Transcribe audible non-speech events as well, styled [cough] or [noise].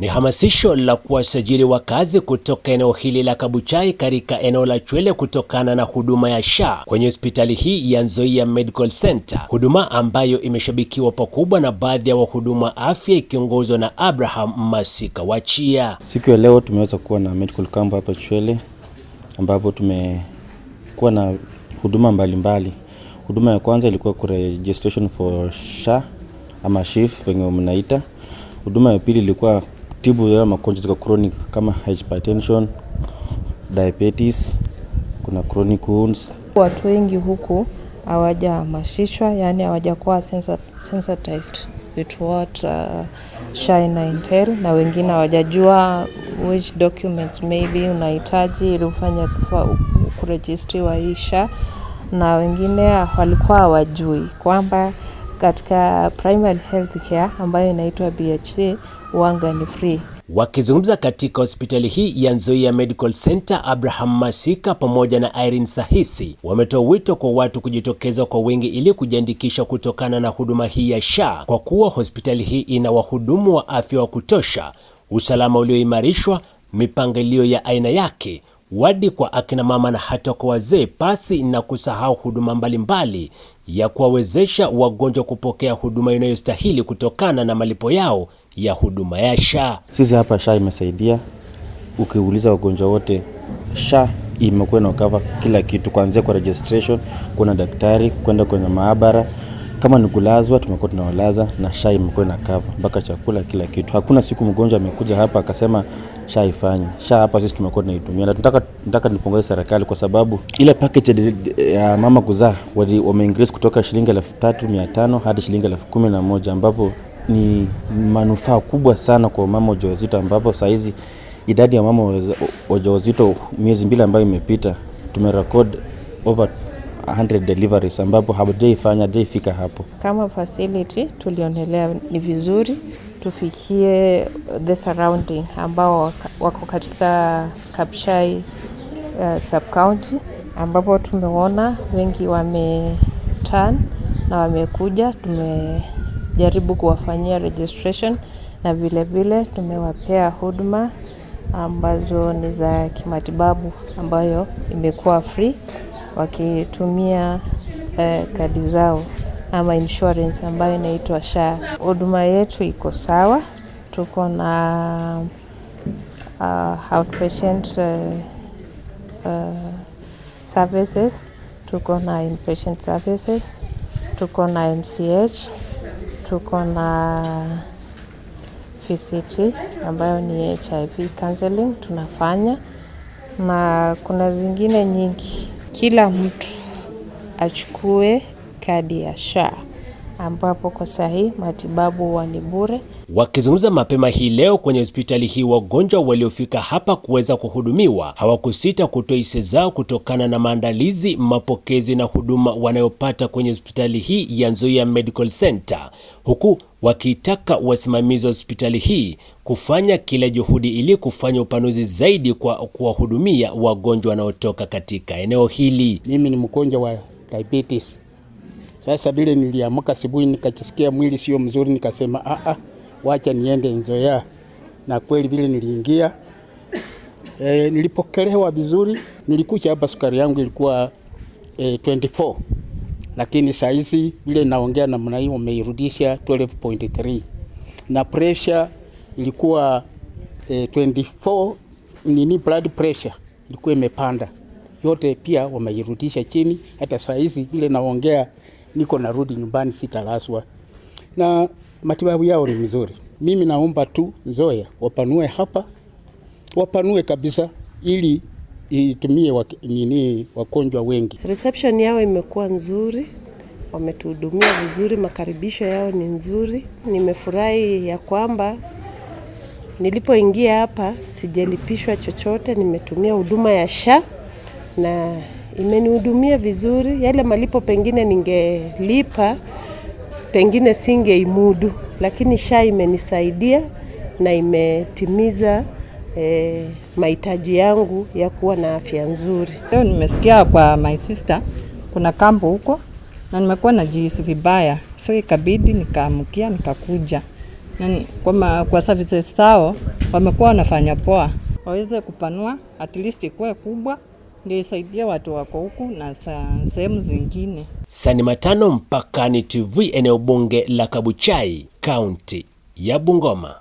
Ni hamasisho la kuwasajili wakazi kutoka eneo hili la Kabuchai katika eneo la Chwele kutokana na huduma ya SHA kwenye hospitali hii ya Nzoia Medical Center, huduma ambayo imeshabikiwa pakubwa na baadhi ya wahuduma afya ikiongozwa na Abraham Masika Wachia. Siku ya leo tumeweza kuwa na medical camp hapa Chwele ambapo tumekuwa na huduma mbalimbali mbali. Huduma ya kwanza ilikuwa registration for SHA ama SHIF venye mnaita. Huduma ya pili ilikuwa kutibu ya magonjwa chronic kama hypertension, diabetes, kuna chronic wounds. Watu wengi huku hawajahamasishwa, yani hawajakuwa sensitized with what uh, SHA entail, na wengine hawajajua which documents maybe unahitaji ili ufanye kurejistriwa hii SHA, na wengine walikuwa hawajui kwamba katika primary health care ambayo inaitwa BHC wanga ni free. Wakizungumza katika hospitali hii ya Nzoia Medical Center, Abraham Masika pamoja na Irene Sahisi wametoa wito kwa watu kujitokeza kwa wingi ili kujiandikisha kutokana na huduma hii ya SHA kwa kuwa hospitali hii ina wahudumu wa afya wa kutosha, usalama ulioimarishwa, mipangilio ya aina yake wadi kwa akina mama na hata kwa wazee, pasi na kusahau huduma mbalimbali ya kuwawezesha wagonjwa kupokea huduma inayostahili kutokana na malipo yao ya huduma ya SHA. Sisi hapa SHA imesaidia, ukiuliza wagonjwa wote SHA imekuwa inakava kila kitu, kuanzia kwa registration, kuna daktari, kwenda kwenye maabara kama ni kulazwa, tumekuwa tunawalaza na Sha imekuwa na cover mpaka chakula, kila kitu. Hakuna siku mgonjwa amekuja hapa akasema shai ifanye. Sha hapa sisi tumekuwa tunaitumia, na tunataka nataka nipongeze serikali kwa sababu ile package ya mama kuzaa wameincrease kutoka shilingi elfu tatu mia tano hadi shilingi elfu kumi na moja ambapo ni manufaa kubwa sana kwa mama wajawazito, ambapo saizi idadi ya mama wajawazito miezi mbili ambayo imepita tumerecord over 100 deliveries ambapo hajaifanya hajaifika hapo. Kama facility tulionelea ni vizuri tufikie the surrounding ambao wako katika Kapshai uh, eh, county ambapo tumeona wengi turn na wamekuja, tumejaribu kuwafanyia registration na vilevile tumewapea huduma ambazo ni za kimatibabu ambayo imekuwa free wakitumia eh, kadi zao ama insurance ambayo inaitwa SHA. Huduma yetu iko sawa, tuko na uh, outpatient uh, uh, services, tuko na inpatient services, tuko na MCH, tuko na VCT ambayo ni HIV counseling tunafanya, na kuna zingine nyingi kila mtu achukue kadi ya SHA ambapo kwa sahii matibabu huwa ni bure. Wakizungumza mapema hii leo kwenye hospitali hii, wagonjwa waliofika hapa kuweza kuhudumiwa hawakusita kutoa hisia zao kutokana na maandalizi, mapokezi na huduma wanayopata kwenye hospitali hii ya Nzoia Medical Center, huku wakitaka wasimamizi wa hospitali hii kufanya kila juhudi ili kufanya upanuzi zaidi kwa kuwahudumia wagonjwa wanaotoka katika eneo hili. Mimi ni mgonjwa wa diabetes. Sasa vile niliamka asubuhi nikajisikia mwili sio mzuri, nikasema a ah, a, ah, wacha niende Nzoia, na kweli vile niliingia [coughs] e, nilipokelewa vizuri. Nilikuja hapa sukari yangu ilikuwa e, eh, 24 lakini saizi vile naongea namna hii wameirudisha 12.3 na pressure ilikuwa eh, 24 nini, blood pressure ilikuwa imepanda yote, pia wameirudisha chini. Hata saizi vile naongea niko narudi nyumbani, sitalazwa na matibabu yao ni mzuri. Mimi naomba tu Nzoia wapanue hapa, wapanue kabisa ili itumie wa, nini wagonjwa wengi. Reception yao imekuwa nzuri, wametuhudumia vizuri, makaribisho yao ni nzuri. Nimefurahi ya kwamba nilipoingia hapa sijalipishwa chochote, nimetumia huduma ya SHA na imenihudumia vizuri. Yale malipo pengine ningelipa pengine singeimudu, lakini SHA imenisaidia na imetimiza eh, mahitaji yangu ya kuwa na afya nzuri. Leo nimesikia kwa my sister kuna kambo huko na nimekuwa najihisi vibaya, so ikabidi nikaamkia nikakuja na kwa, kwa services sao wamekuwa wanafanya poa, waweze kupanua at least ikuwe kubwa ndio isaidie watu wako huku na sehemu zingine. Sani Matano, Mpakani TV, eneo bunge la Kabuchai, kaunti ya Bungoma.